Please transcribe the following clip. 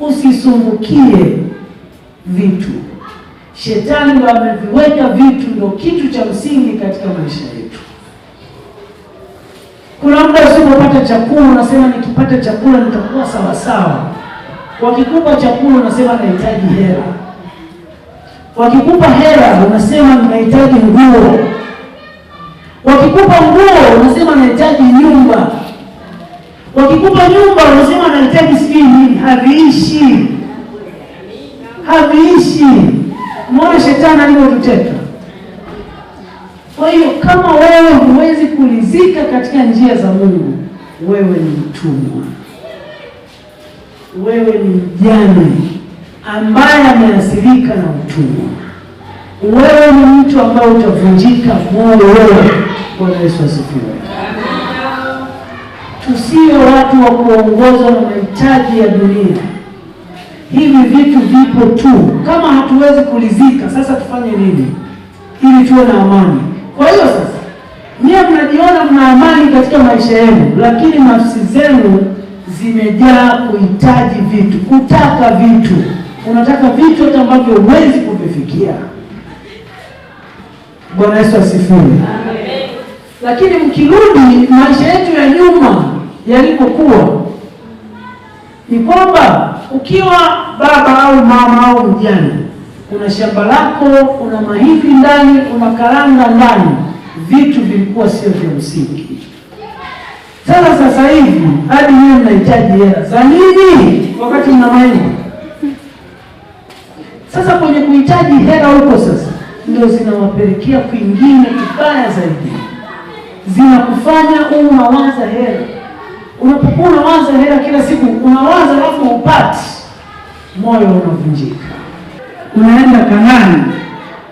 usisumbukie vitu. Shetani wameviweka vitu, ndio kitu cha msingi katika maisha yetu. Kuna mtu asipopata chakula unasema nikipata chakula nitakuwa sawasawa. Wakikupa chakula unasema nahitaji hela. Wakikupa hela unasema nahitaji nguo. Wakikupa nguo unasema nahitaji nyumba Wakikupa nyumba unasema nahitaji sijui nini, haviishi, haviishi. Mwona shetani alivyotuteka. Kwa hiyo kama wewe huwezi kulizika katika njia za Mungu, wewe ni mtumwa, wewe ni mjane ambaye ameathirika na utumwa. Wewe ni mtu ambaye utavunjika moyo. Bwana Yesu asifiwe tusiwe watu wa kuongozwa na mahitaji ya dunia. Hivi vitu vipo tu, kama hatuwezi kulizika, sasa tufanye nini ili tuwe na amani? Kwa hiyo sasa nyie mnajiona mna amani katika maisha yenu, lakini nafsi zenu zimejaa kuhitaji vitu, kutaka vitu. Unataka vitu hata ambavyo huwezi kuvifikia. Bwana Yesu asifiwe. Lakini mkirudi maisha yetu ya nyuma yalipokuwa ni kwamba ukiwa baba au mama au mjane, kuna shamba lako, kuna mahindi ndani, kuna karanga ndani, vitu vilikuwa sio vya msingi. Sasa sasa hivi hadi hiyo mnahitaji hela za nini wakati mna mahindi? Sasa kwenye kuhitaji hela huko sasa ndio zinawapelekea kwingine kibaya zaidi, zinakufanya unawaza hela Unapokuwa unawaza hela kila siku, unawaza alafu upati, moyo unavunjika, unaenda kanani